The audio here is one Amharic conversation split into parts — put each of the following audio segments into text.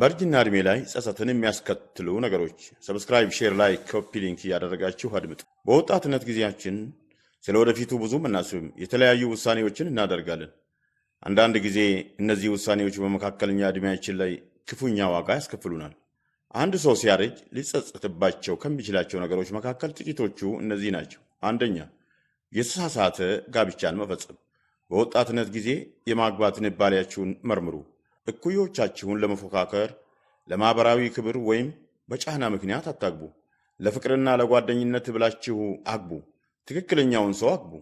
በእርጅና እድሜ ላይ ጸጸትን የሚያስከትሉ ነገሮች። ሰብስክራይብ፣ ሼር፣ ላይክ፣ ኮፒ ሊንክ እያደረጋችሁ አድምጡ። በወጣትነት ጊዜያችን ስለ ወደፊቱ ብዙም እናስብም። የተለያዩ ውሳኔዎችን እናደርጋለን። አንዳንድ ጊዜ እነዚህ ውሳኔዎች በመካከለኛ እድሜያችን ላይ ክፉኛ ዋጋ ያስከፍሉናል። አንድ ሰው ሲያረጅ ሊጸጸትባቸው ከሚችላቸው ነገሮች መካከል ጥቂቶቹ እነዚህ ናቸው። አንደኛ፣ የተሳሳተ ጋብቻን መፈጸም። በወጣትነት ጊዜ የማግባት ንባሌያችሁን መርምሩ። እኩዮቻችሁን ለመፎካከር፣ ለማኅበራዊ ክብር ወይም በጫና ምክንያት አታግቡ። ለፍቅርና ለጓደኝነት ብላችሁ አግቡ። ትክክለኛውን ሰው አግቡ።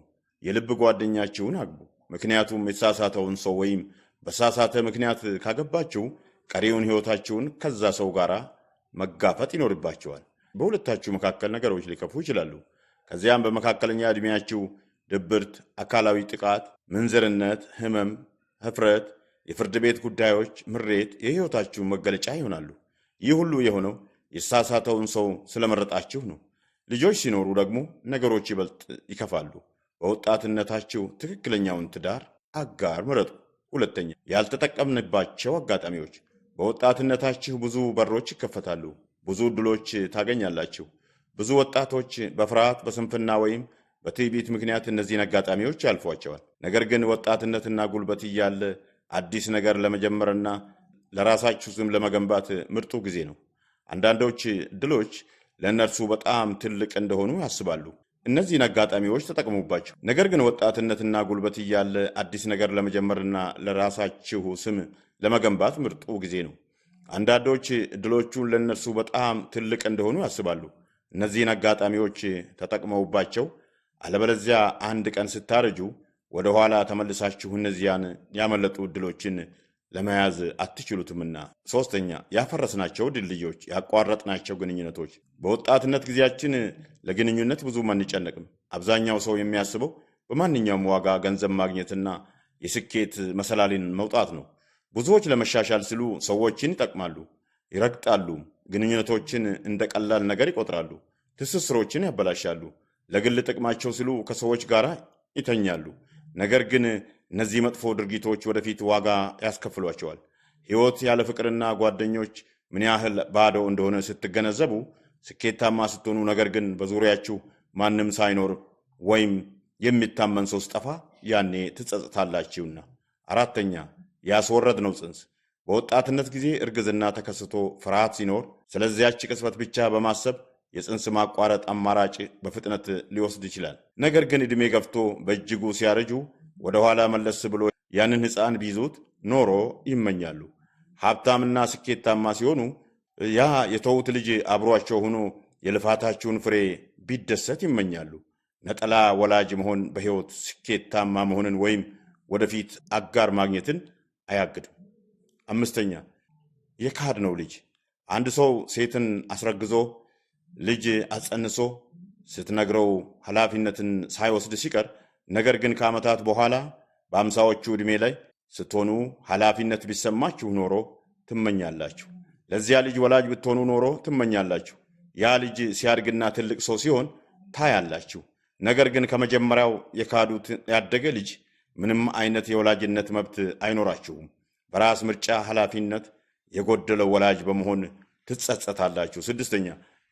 የልብ ጓደኛችሁን አግቡ። ምክንያቱም የተሳሳተውን ሰው ወይም በሳሳተ ምክንያት ካገባችሁ ቀሪውን ሕይወታችሁን ከዛ ሰው ጋር መጋፈጥ ይኖርባችኋል። በሁለታችሁ መካከል ነገሮች ሊከፉ ይችላሉ። ከዚያም በመካከለኛ ዕድሜያችሁ ድብርት፣ አካላዊ ጥቃት፣ ምንዝርነት፣ ህመም፣ ህፍረት። የፍርድ ቤት ጉዳዮች ምሬት የሕይወታችሁ መገለጫ ይሆናሉ። ይህ ሁሉ የሆነው የተሳሳተውን ሰው ስለመረጣችሁ ነው። ልጆች ሲኖሩ ደግሞ ነገሮች ይበልጥ ይከፋሉ። በወጣትነታችሁ ትክክለኛውን ትዳር አጋር ምረጡ። ሁለተኛ፣ ያልተጠቀምንባቸው አጋጣሚዎች። በወጣትነታችሁ ብዙ በሮች ይከፈታሉ፣ ብዙ ዕድሎች ታገኛላችሁ። ብዙ ወጣቶች በፍርሃት በስንፍና ወይም በትዕቢት ምክንያት እነዚህን አጋጣሚዎች ያልፏቸዋል። ነገር ግን ወጣትነትና ጉልበት እያለ አዲስ ነገር ለመጀመርና ለራሳችሁ ስም ለመገንባት ምርጡ ጊዜ ነው። አንዳንዶች ድሎች ለእነርሱ በጣም ትልቅ እንደሆኑ ያስባሉ። እነዚህን አጋጣሚዎች ተጠቅሙባቸው። ነገር ግን ወጣትነትና ጉልበት እያለ አዲስ ነገር ለመጀመርና ለራሳችሁ ስም ለመገንባት ምርጡ ጊዜ ነው። አንዳንዶች ድሎቹን ለእነርሱ በጣም ትልቅ እንደሆኑ ያስባሉ። እነዚህን አጋጣሚዎች ተጠቅመውባቸው። አለበለዚያ አንድ ቀን ስታረጁ ወደ ኋላ ተመልሳችሁ እነዚያን ያመለጡ ዕድሎችን ለመያዝ አትችሉትምና። ሦስተኛ ያፈረስናቸው ድልድዮች፣ ያቋረጥናቸው ግንኙነቶች። በወጣትነት ጊዜያችን ለግንኙነት ብዙም አንጨነቅም። አብዛኛው ሰው የሚያስበው በማንኛውም ዋጋ ገንዘብ ማግኘትና የስኬት መሰላሊን መውጣት ነው። ብዙዎች ለመሻሻል ሲሉ ሰዎችን ይጠቅማሉ፣ ይረግጣሉ፣ ግንኙነቶችን እንደ ቀላል ነገር ይቆጥራሉ፣ ትስስሮችን ያበላሻሉ፣ ለግል ጥቅማቸው ሲሉ ከሰዎች ጋር ይተኛሉ። ነገር ግን እነዚህ መጥፎ ድርጊቶች ወደፊት ዋጋ ያስከፍሏቸዋል። ሕይወት ያለ ፍቅርና ጓደኞች ምን ያህል ባዶ እንደሆነ ስትገነዘቡ ስኬታማ ስትሆኑ፣ ነገር ግን በዙሪያችሁ ማንም ሳይኖር ወይም የሚታመን ሰው ስጠፋ ያኔ ትጸጽታላችሁና። አራተኛ ነው ጽንስ በወጣትነት ጊዜ እርግዝና ተከስቶ ፍርሃት ሲኖር ስለዚያች ቅጽበት ብቻ በማሰብ የጽንስ ማቋረጥ አማራጭ በፍጥነት ሊወስድ ይችላል። ነገር ግን ዕድሜ ገፍቶ በእጅጉ ሲያረጁ ወደ ኋላ መለስ ብሎ ያንን ሕፃን ቢይዙት ኖሮ ይመኛሉ። ሀብታምና ስኬታማ ሲሆኑ ያ የተዉት ልጅ አብሯቸው ሆኖ የልፋታችሁን ፍሬ ቢደሰት ይመኛሉ። ነጠላ ወላጅ መሆን በሕይወት ስኬታማ መሆንን ወይም ወደፊት አጋር ማግኘትን አያግድም። አምስተኛ ነው ልጅ አንድ ሰው ሴትን አስረግዞ ልጅ አጸንሶ ስትነግረው ኃላፊነትን ሳይወስድ ሲቀር፣ ነገር ግን ከዓመታት በኋላ በአምሳዎቹ ዕድሜ ላይ ስትሆኑ ኃላፊነት ቢሰማችሁ ኖሮ ትመኛላችሁ። ለዚያ ልጅ ወላጅ ብትሆኑ ኖሮ ትመኛላችሁ። ያ ልጅ ሲያድግና ትልቅ ሰው ሲሆን ታያላችሁ። ነገር ግን ከመጀመሪያው የካዱት ያደገ ልጅ ምንም አይነት የወላጅነት መብት አይኖራችሁም። በራስ ምርጫ ኃላፊነት የጎደለው ወላጅ በመሆን ትጸጸታላችሁ። ስድስተኛ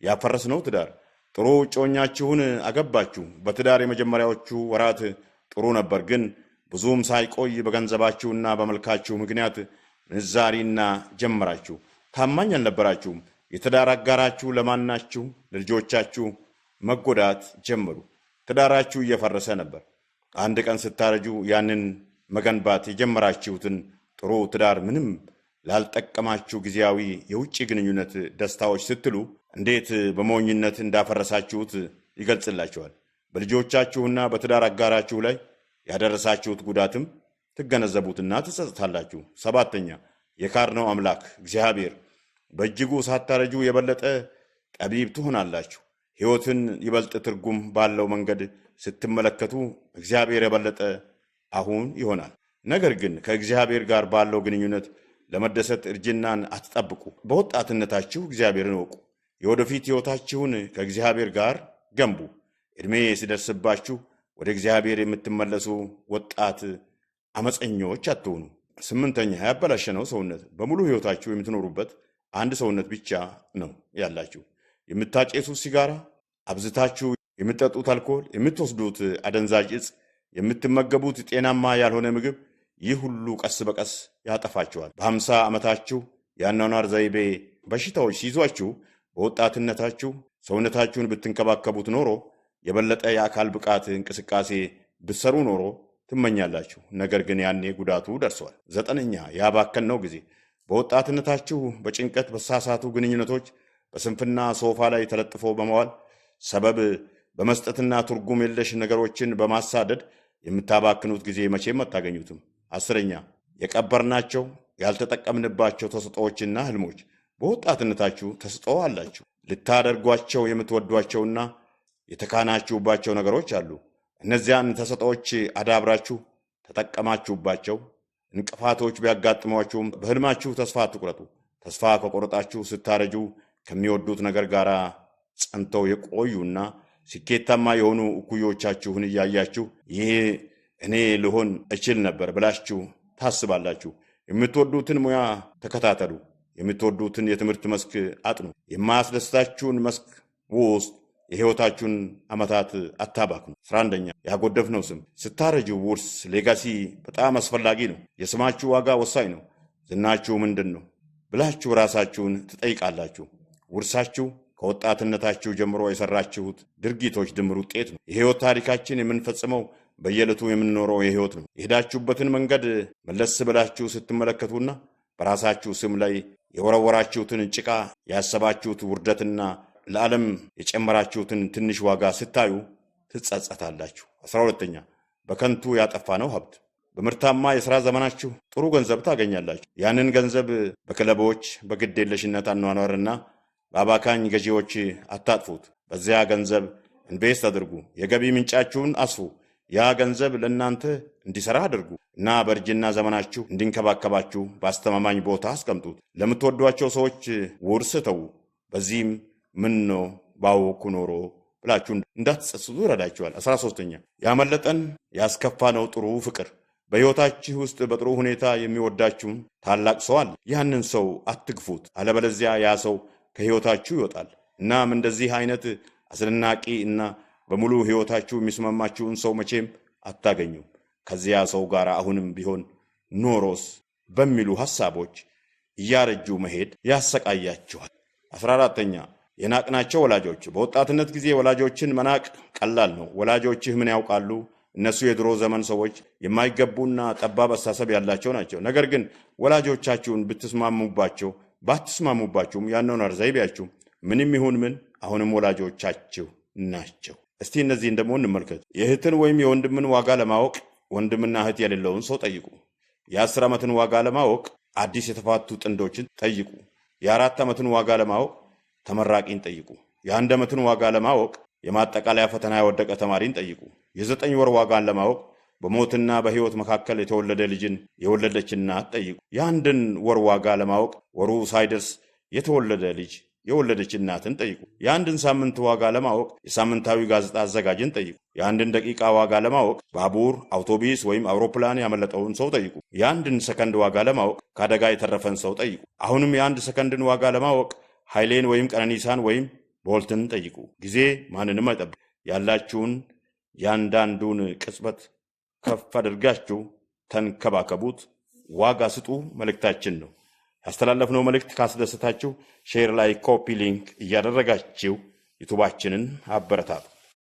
ያፈረስነው ትዳር ጥሩ እጮኛችሁን አገባችሁ። በትዳር የመጀመሪያዎቹ ወራት ጥሩ ነበር፣ ግን ብዙም ሳይቆይ በገንዘባችሁና በመልካችሁ ምክንያት ምንዛሪና ጀመራችሁ። ታማኝ አልነበራችሁም። የትዳር አጋራችሁ ለማናችሁ ለልጆቻችሁ መጎዳት ጀመሩ። ትዳራችሁ እየፈረሰ ነበር። አንድ ቀን ስታረጁ ያንን መገንባት የጀመራችሁትን ጥሩ ትዳር ምንም ላልጠቀማችሁ ጊዜያዊ የውጭ ግንኙነት ደስታዎች ስትሉ እንዴት በሞኝነት እንዳፈረሳችሁት ይገልጽላችኋል። በልጆቻችሁና በትዳር አጋራችሁ ላይ ያደረሳችሁት ጉዳትም ትገነዘቡትና ትጸጽታላችሁ። ሰባተኛ የካርነው አምላክ እግዚአብሔር በእጅጉ ሳታረጁ የበለጠ ጠቢብ ትሆናላችሁ። ሕይወትን ይበልጥ ትርጉም ባለው መንገድ ስትመለከቱ እግዚአብሔር የበለጠ አሁን ይሆናል። ነገር ግን ከእግዚአብሔር ጋር ባለው ግንኙነት ለመደሰት እርጅናን አትጠብቁ። በወጣትነታችሁ እግዚአብሔርን እወቁ። የወደፊት ሕይወታችሁን ከእግዚአብሔር ጋር ገንቡ። ዕድሜ ሲደርስባችሁ ወደ እግዚአብሔር የምትመለሱ ወጣት አመፀኞች አትሆኑ። ስምንተኛ ያበላሸነው ሰውነት በሙሉ ሕይወታችሁ የምትኖሩበት አንድ ሰውነት ብቻ ነው ያላችሁ። የምታጨሱት ሲጋራ፣ አብዝታችሁ የምትጠጡት አልኮል፣ የምትወስዱት አደንዛዥ እጽ፣ የምትመገቡት ጤናማ ያልሆነ ምግብ፣ ይህ ሁሉ ቀስ በቀስ ያጠፋችኋል። ምሳ ዓመታችሁ የአኗኗር ዘይቤ በሽታዎች ሲይዟችሁ በወጣትነታችሁ ሰውነታችሁን ብትንከባከቡት ኖሮ የበለጠ የአካል ብቃት እንቅስቃሴ ብትሰሩ ኖሮ ትመኛላችሁ። ነገር ግን ያኔ ጉዳቱ ደርሰዋል። ዘጠነኛ ነው ጊዜ በወጣትነታችሁ በጭንቀት በተሳሳቱ ግንኙነቶች፣ በስንፍና ሶፋ ላይ ተለጥፎ በመዋል ሰበብ በመስጠትና ትርጉም የለሽ ነገሮችን በማሳደድ የምታባክኑት ጊዜ መቼም አታገኙትም። አስረኛ የቀበርናቸው ያልተጠቀምንባቸው ተሰጥኦዎችና ህልሞች በወጣትነታችሁ ተስጦ አላችሁ። ልታደርጓቸው የምትወዷቸውና የተካናችሁባቸው ነገሮች አሉ። እነዚያን ተሰጦዎች አዳብራችሁ ተጠቀማችሁባቸው። እንቅፋቶች ቢያጋጥሟችሁም በህልማችሁ ተስፋ አትቁረጡ። ተስፋ ከቆረጣችሁ ስታረጁ ከሚወዱት ነገር ጋር ጸንተው የቆዩና ስኬታማ የሆኑ እኩዮቻችሁን እያያችሁ ይህ እኔ ልሆን እችል ነበር ብላችሁ ታስባላችሁ። የምትወዱትን ሙያ ተከታተሉ። የምትወዱትን የትምህርት መስክ አጥኑ። የማያስደስታችሁን መስክ ውስጥ የህይወታችሁን ዓመታት አታባክኑ። አስራ አንደኛ ያጎደፍነው ስም ስታረጅው ውርስ ሌጋሲ በጣም አስፈላጊ ነው። የስማችሁ ዋጋ ወሳኝ ነው። ዝናችሁ ምንድን ነው ብላችሁ ራሳችሁን ትጠይቃላችሁ። ውርሳችሁ ከወጣትነታችሁ ጀምሮ የሰራችሁት ድርጊቶች ድምር ውጤት ነው። የህይወት ታሪካችን የምንፈጽመው በየዕለቱ የምንኖረው የህይወት ነው። የሄዳችሁበትን መንገድ መለስ ብላችሁ ስትመለከቱና በራሳችሁ ስም ላይ የወረወራችሁትን ጭቃ፣ ያሰባችሁት ውርደትና ለዓለም የጨመራችሁትን ትንሽ ዋጋ ስታዩ ትጸጸታላችሁ። አስራ ሁለተኛ በከንቱ ያጠፋ ነው ሀብት በምርታማ የሥራ ዘመናችሁ ጥሩ ገንዘብ ታገኛላችሁ። ያንን ገንዘብ በክለቦች በግዴለሽነት አኗኗርና በአባካኝ ገዢዎች አታጥፉት። በዚያ ገንዘብ ኢንቬስት አድርጉ። የገቢ ምንጫችሁን አስፉ። ያ ገንዘብ ለእናንተ እንዲሰራ አድርጉ እና በእርጅና ዘመናችሁ እንዲንከባከባችሁ በአስተማማኝ ቦታ አስቀምጡት። ለምትወዷቸው ሰዎች ውርስ ተዉ። በዚህም ምን ነው ኖሮ ብላችሁ እንዳትጸጽቱ ይረዳችኋል። አስራ ሶስተኛ ያመለጠን ያስከፋ ነው ጥሩ ፍቅር በሕይወታችሁ ውስጥ በጥሩ ሁኔታ የሚወዳችሁን ታላቅ ሰው አለ። ያንን ሰው አትግፉት፣ አለበለዚያ ያ ሰው ከሕይወታችሁ ይወጣል። እናም እንደዚህ አይነት አስደናቂ እና በሙሉ ህይወታችሁ የሚስማማችሁን ሰው መቼም አታገኙም። ከዚያ ሰው ጋር አሁንም ቢሆን ኖሮስ በሚሉ ሐሳቦች እያረጁ መሄድ ያሰቃያችኋል። አስራ አራተኛ የናቅናቸው ወላጆች። በወጣትነት ጊዜ ወላጆችን መናቅ ቀላል ነው። ወላጆችህ ምን ያውቃሉ? እነሱ የድሮ ዘመን ሰዎች የማይገቡና ጠባብ አስተሳሰብ ያላቸው ናቸው። ነገር ግን ወላጆቻችሁን ብትስማሙባቸው ባትስማሙባችሁም ያኗኗር ዘይቤያችሁ ምንም ይሁን ምን አሁንም ወላጆቻችሁ ናቸው። እስቲ እነዚህን ደግሞ እንመልከት። የእህትን ወይም የወንድምን ዋጋ ለማወቅ ወንድምና እህት የሌለውን ሰው ጠይቁ። የአስር ዓመትን ዋጋ ለማወቅ አዲስ የተፋቱ ጥንዶችን ጠይቁ። የአራት ዓመትን ዋጋ ለማወቅ ተመራቂን ጠይቁ። የአንድ ዓመትን ዋጋ ለማወቅ የማጠቃለያ ፈተና የወደቀ ተማሪን ጠይቁ። የዘጠኝ ወር ዋጋን ለማወቅ በሞትና በሕይወት መካከል የተወለደ ልጅን የወለደች እናት ጠይቁ። የአንድን ወር ዋጋ ለማወቅ ወሩ ሳይደርስ የተወለደ ልጅ የወለደች እናትን ጠይቁ። የአንድን ሳምንት ዋጋ ለማወቅ የሳምንታዊ ጋዜጣ አዘጋጅን ጠይቁ። የአንድን ደቂቃ ዋጋ ለማወቅ ባቡር፣ አውቶቢስ ወይም አውሮፕላን ያመለጠውን ሰው ጠይቁ። የአንድን ሰከንድ ዋጋ ለማወቅ ከአደጋ የተረፈን ሰው ጠይቁ። አሁንም የአንድ ሰከንድን ዋጋ ለማወቅ ኃይሌን ወይም ቀነኒሳን ወይም ቦልትን ጠይቁ። ጊዜ ማንንም አይጠብቅ። ያላችሁን ያንዳንዱን ቅጽበት ከፍ አድርጋችሁ ተንከባከቡት፣ ዋጋ ስጡ መልእክታችን ነው። ያስተላለፍነው መልእክት ካስደሰታችሁ ሼር ላይ ኮፒ ሊንክ እያደረጋችሁ ዩቱባችንን አበረታቱ።